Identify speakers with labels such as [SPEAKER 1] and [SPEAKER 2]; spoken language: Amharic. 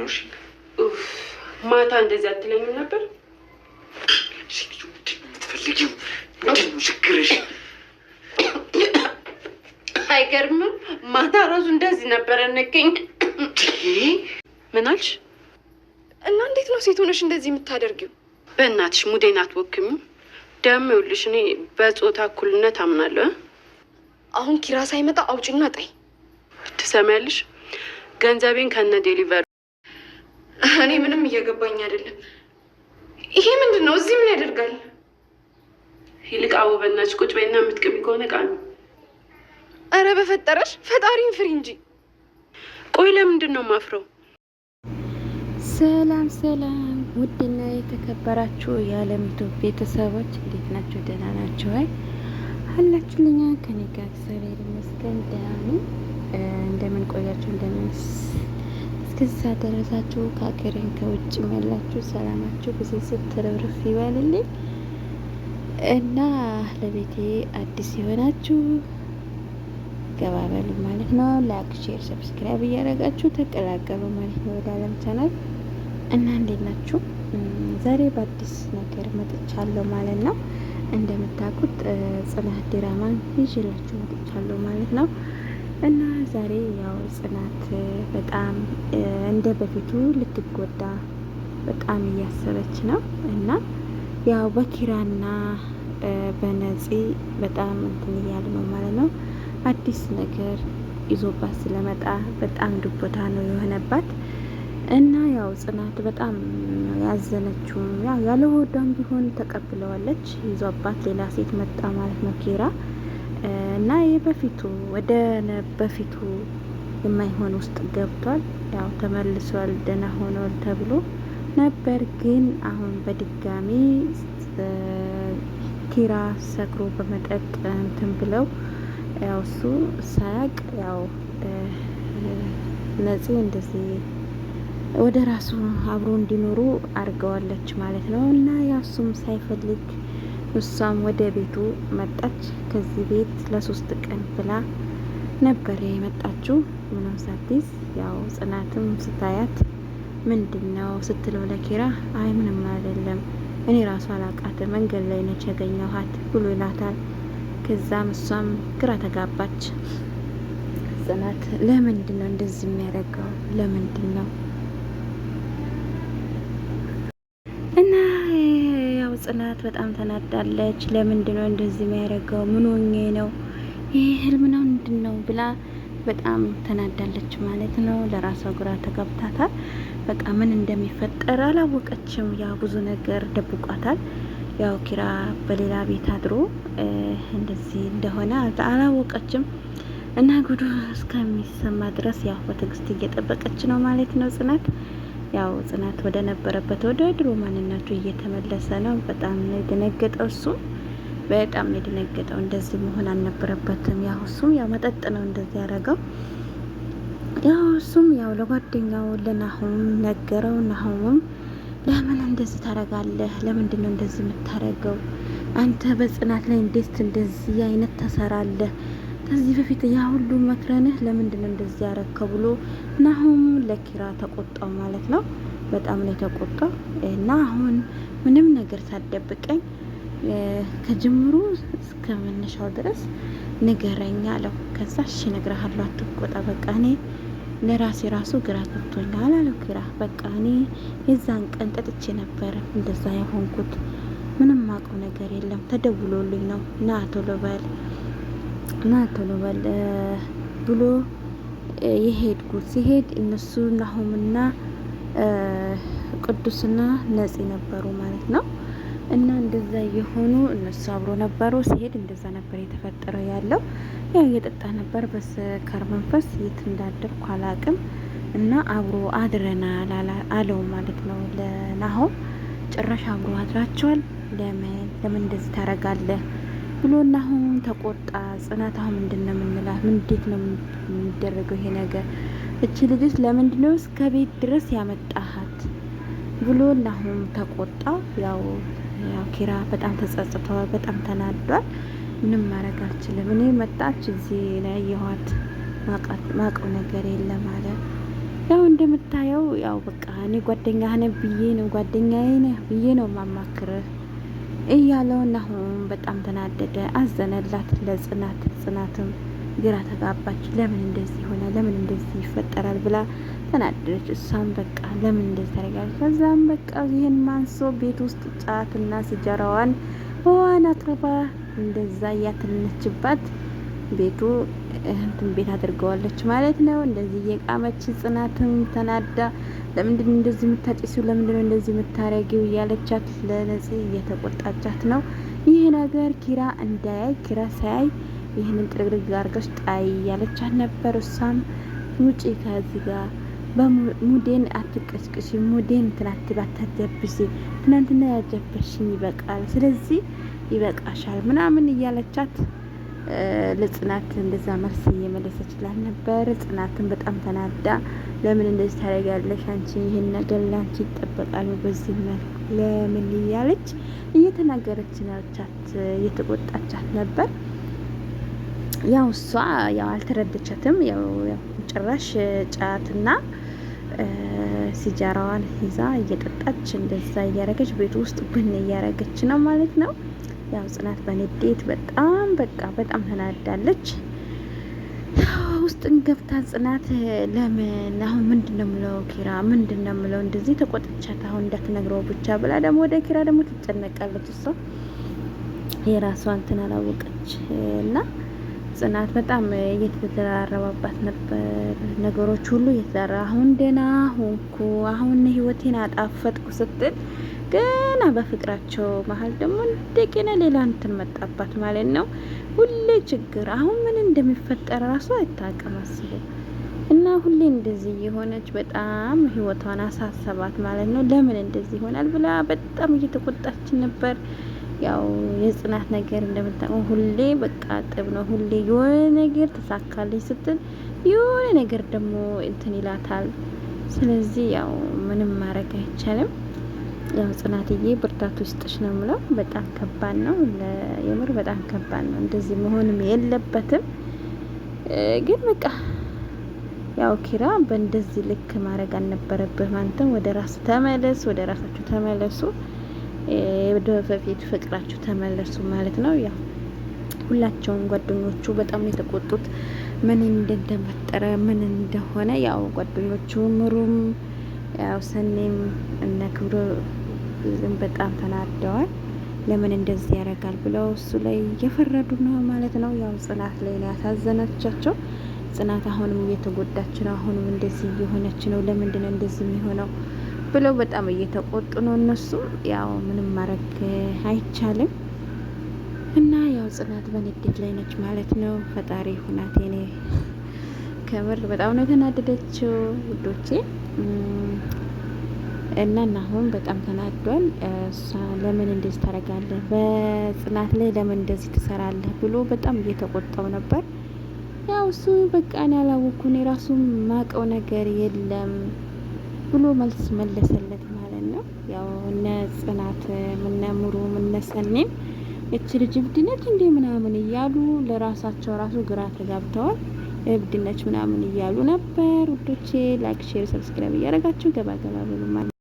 [SPEAKER 1] ነው። እሺ
[SPEAKER 2] ማታ እንደዚህ አትለኝም ነበር?
[SPEAKER 1] የምትፈልጊው ምንድን ነው ችግርሽ?
[SPEAKER 2] አይገርምም? ማታ ራሱ እንደዚህ ነበረ ነገኝ። ምን አልሽ? እና እንዴት ነው ሴት ሆነሽ እንደዚህ የምታደርጊው?
[SPEAKER 1] በእናትሽ ሙዴን አትወክሚው። ደም ይኸውልሽ፣ እኔ በጾታ እኩልነት አምናለሁ።
[SPEAKER 2] አሁን ኪራ ሳይመጣ አውጭና ጠይ
[SPEAKER 1] ትሰሚያለሽ? ገንዘቤን ከነ ዴሊቨሪ
[SPEAKER 2] እኔ ምንም እየገባኝ አይደለም። ይሄ ምንድን ነው? እዚህ ምን ያደርጋል?
[SPEAKER 1] ይልቅ አቡ በእናትሽ ቁጭ በይና የምትቅቢ ከሆነ ቃ ነው።
[SPEAKER 2] አረ በፈጠረሽ ፈጣሪን ፍሪ እንጂ።
[SPEAKER 1] ቆይ ለምንድን ነው ማፍረው?
[SPEAKER 3] ሰላም ሰላም፣ ውድና የተከበራችሁ የአለምቱ ቤተሰቦች እንዴት ናቸው? ደህና ናቸው ወይ አላችሁልኛ? ከኔ ጋር እግዚአብሔር ይመስገን ደህና ነኝ። እንደምን ቆያችሁ? እንደምን እስከዛ ደረሳችሁ። ከሀገሬን ከውጭ ያላችሁ ሰላማችሁ ብዝዝብ ትርፍርፍ ይበልልኝ እና ለቤቴ አዲስ የሆናችሁ ገባበሉ ማለት ነው። ላይክ፣ ሼር፣ ሰብስክራይብ እያደረጋችሁ ተቀላቀሉ ማለት ነው ወደ አለም ቻናል እና እንዴት ናችሁ? ዛሬ በአዲስ ነገር መጥቻለሁ ማለት ነው። እንደምታውቁት ጽናት ዲራማን ይዤላችሁ መጥቻለሁ ማለት ነው። እና ዛሬ ያው ጽናት በጣም እንደ በፊቱ ልትጎዳ በጣም እያሰበች ነው እና ያው በኪራና በነፂ በጣም እንትን እያሉ ነው ማለት ነው። አዲስ ነገር ይዞባት ስለመጣ በጣም ዱቦታ ነው የሆነባት እና ያው ጽናት በጣም ያዘነችው ያው ያለ ወዳም ቢሆን ተቀብለዋለች። ይዞባት ሌላ ሴት መጣ ማለት ነው ኪራ እና በፊቱ ወደ በፊቱ የማይሆን ውስጥ ገብቷል። ያው ተመልሷል ደህና ሆኗል ተብሎ ነበር። ግን አሁን በድጋሚ ኪራ ሰክሮ በመጠጥ እንትን ብለው ያው እሱ ሳያቅ ያው ነፂ እንደዚህ ወደ ራሱ አብሮ እንዲኖሩ አድርገዋለች ማለት ነው እና ያው እሱም ሳይፈልግ እሷም ወደ ቤቱ መጣች። ከዚህ ቤት ለሶስት ቀን ብላ ነበር የመጣችው ምንም ሳዲስ። ያው ጽናትም ስታያት ምንድን ነው ስትለው ለኪራ አይ ምንም አይደለም እኔ ራሱ አላቃት መንገድ ላይ ነች ያገኘኋት ብሎ ይላታል። ከዛም እሷም ግራ ተጋባች። ጽናት ለምንድን ነው እንደዚህ የሚያደርገው? ለምንድን ነው ጽናት በጣም ተናዳለች። ለምንድን ነው እንደዚህ የሚያደርገው? ምን ሆኜ ነው? ይህ ህልም ነው ምንድን ነው ብላ በጣም ተናዳለች ማለት ነው። ለራሷ ግራ ተጋብታታል። በቃ ምን እንደሚፈጠር አላወቀችም። ያው ብዙ ነገር ደብቋታል። ያው ኪራ በሌላ ቤት አድሮ እንደዚህ እንደሆነ አላወቀችም እና ጉዱ እስከሚሰማ ድረስ ያው በትዕግስት እየጠበቀች ነው ማለት ነው ጽናት ያው ጽናት ወደ ነበረበት ወደ ድሮ ማንነቱ እየተመለሰ ነው። በጣም ነው የደነገጠው እሱ በጣም ነው የደነገጠው። እንደዚህ መሆን አልነበረበትም። ያው እሱም ያው መጠጥ ነው እንደዚህ ያደረገው። ያው እሱም ያው ለጓደኛው ለናሁም ነገረው። ናሁምም ለምን እንደዚህ ታረጋለህ? ለምንድን ነው እንደዚህ የምታደርገው አንተ በጽናት ላይ እንዴት እንደዚህ አይነት ተሰራለህ? ከዚህ በፊት ያ ሁሉ መክረንህ ለምንድን እንደዚህ ያረከ ብሎ ናሁም ለኪራ ተቆጣው ማለት ነው። በጣም ነው የተቆጣው እና አሁን ምንም ነገር ሳደብቀኝ ከጅምሩ እስከ መነሻው ድረስ ንገረኝ አለው። ከዛ እሺ እነግርሃለሁ፣ አትቆጣ በቃ እኔ ለራሴ ራሱ ግራ ገብቶኛል አለው ኪራ። በቃ እኔ የዛን ቀን ጠጥቼ ነበር እንደዛ የሆንኩት ምንም አውቀው ነገር የለም ተደውሎልኝ ነው ና ቶሎ በል ና ቶሎ በል ብሎ የሄድኩት ሲሄድ እነሱ ናሆምና ቅዱስና ነጽ ነበሩ ማለት ነው። እና እንደዛ የሆኑ እነሱ አብሮ ነበሩ። ሲሄድ እንደዛ ነበር የተፈጠረው ያለው ያው እየጠጣ ነበር በስካር መንፈስ የት እንዳደርኩ አላቅም። እና አብሮ አድረናል አለው ማለት ነው ለናሆም። ጭራሽ አብሮ አድራቸዋል። ለምን ለምን እንደዚህ ታረጋለህ? ብሎና አሁን ተቆጣ። ጽናት አሁን ምንድን ነው የምንላት? እንዴት ነው የሚደረገው ይሄ ነገር? እች ልጅስ ለምንድን ነው እስከ ቤት ድረስ ያመጣሃት? ብሎ አሁን ተቆጣ። ያው ያው ኪራ በጣም ተጸጽቷል፣ በጣም ተናዷል። ምንም ማድረግ አልችልም። እኔ መጣች እዚህ ላይ የዋት ማቀው ነገር የለም አለ። ያው እንደምታየው ያው በቃ እኔ ጓደኛህ ነህ ብዬ ነው ጓደኛዬ ነህ ብዬ ነው ማማክርህ እያለው ናሁም በጣም ተናደደ፣ አዘነላት ለጽናት። ጽናትም ግራ ተጋባች። ለምን እንደዚህ ሆነ? ለምን እንደዚህ ይፈጠራል ብላ ተናደደች። እሷም በቃ ለምን እንደዚህ ታደርጋለች? ከዛም በቃ ይህን ማንሶ ቤት ውስጥ ጫትና ስጀራዋን በዋን አትርባ እንደዛ እያትነችባት ቤቱ እንትን ቤት አድርገዋለች ማለት ነው። እንደዚህ እየቃመች ጽናትም ተናዳ ለምንድን ነው እንደዚህ የምታጭሱ? ለምንድን ነው እንደዚህ የምታረጊው? እያለቻት ለነጽ እየተቆጣቻት ነው። ይህ ነገር ኪራ እንዳያይ ኪራ ሳያይ ይህንን ጥርግርግ አድርገሽ ጣይ እያለቻት ነበር። እሷም ውጪ ከዚህ ጋር በሙዴን አትቀስቅሽ፣ ሙዴን ትናት አታጀብሽ፣ ትናንትና ያጀበሽኝ ይበቃል፣ ስለዚህ ይበቃሻል ምናምን እያለቻት ለጽናት እንደዛ መልስ እየመለሰችላት ነበር። ጽናትን በጣም ተናዳ ለምን እንደዚህ ታደርጊያለሽ? አንቺ ይህን ነገር ለአንቺ ይጠበቃል በዚህ መልክ ለምን እያለች እየተናገረች ነቻት፣ እየተቆጣቻት ነበር። ያው እሷ ያው አልተረደቻትም። ያው ጭራሽ ጫትና ሲጃራዋን ይዛ እየጠጣች እንደዛ እያረገች ቤት ውስጥ ቡን እያረገች ነው ማለት ነው። ያው ጽናት በንዴት በጣም በቃ በጣም ተናዳለች። ውስጥ ገብታ ጽናት ለምን አሁን ምንድን ነው የምለው ኪራ ምንድን ነው የምለው እንደዚህ ተቆጥቻት አሁን እንዳትነግረው ብቻ ብላ ደግሞ ወደ ኪራ ደግሞ ትጨነቃለች። እሷ የራሷ እንትን አላወቀች እና ጽናት በጣም እየተደራረባባት ነበር ነገሮች ሁሉ እየተደራ አሁን ደህና ሆንኩ አሁን ህይወቴን አጣፈጥኩ ስትል ገና በፍቅራቸው መሀል ደግሞ እንደገና ሌላ እንትን መጣባት ማለት ነው። ሁሌ ችግር፣ አሁን ምን እንደሚፈጠር ራሱ አይታወቅም። አስቡ እና ሁሌ እንደዚህ የሆነች በጣም ህይወቷን አሳሰባት ማለት ነው። ለምን እንደዚህ ይሆናል ብላ በጣም እየተቆጣች ነበር። ያው የጽናት ነገር እንደምታውቀው ሁሌ በቃ ጥብ ነው። ሁሌ የሆነ ነገር ተሳካለች ስትል የሆነ ነገር ደግሞ እንትን ይላታል። ስለዚህ ያው ምንም ማድረግ አይቻልም። ያው ጽናትዬ ብርታት ውስጥሽ ነው ምለው። በጣም ከባድ ነው የምር በጣም ከባድ ነው። እንደዚህ መሆንም የለበትም ግን በቃ ያው ኪራ በእንደዚህ ልክ ማድረግ አልነበረብህም። አንተም ወደ ራስ ተመለስ፣ ወደ ራሳችሁ ተመለሱ፣ ወደ በፊቱ ፍቅራችሁ ተመለሱ ማለት ነው። ያው ሁላቸውም ጓደኞቹ በጣም የተቆጡት። ምን እንደተፈጠረ ምን እንደሆነ ያው ጓደኞቹ ምሩም ያው ሰኔም እነ ክብሮ ቤልም በጣም ተናደዋል። ለምን እንደዚህ ያደርጋል ብለው እሱ ላይ እየፈረዱ ነው ማለት ነው። ያው ጽናት ላይ ነው ያሳዘነቻቸው። ጽናት አሁንም እየተጎዳች ነው፣ አሁንም እንደዚህ እየሆነች ነው፣ ለምንድን ነው እንደዚህ የሚሆነው ብለው በጣም እየተቆጡ ነው እነሱ። ያው ምንም ማድረግ አይቻልም እና ያው ጽናት በንዴት ላይ ነች ማለት ነው። ፈጣሪ ሁናቴ ኔ ከምር በጣም ነው የተናደደችው ውዶቼ። እና ናሆም በጣም ተናዷል። እሷ ለምን እንደዚህ ታደርጋለህ በጽናት ላይ ለምን እንደዚህ ትሰራለህ ብሎ በጣም እየተቆጣው ነበር። ያው እሱ በቃ እኔ ያላወቅኩ እኔ ራሱ ማቀው ነገር የለም ብሎ መልስ መለሰለት ማለት ነው። ያው እነ ጽናት ምነ ሙሩ ምነ ሰኔም እች ልጅ እብድነች እንዴ ምናምን እያሉ ለራሳቸው ራሱ ግራ ተጋብተዋል። እብድነች ምናምን እያሉ ነበር። ውዶቼ ላይክ፣ ሼር፣ ሰብስክራይብ እያደረጋችሁ ገባ ገባ ብሉ ማለት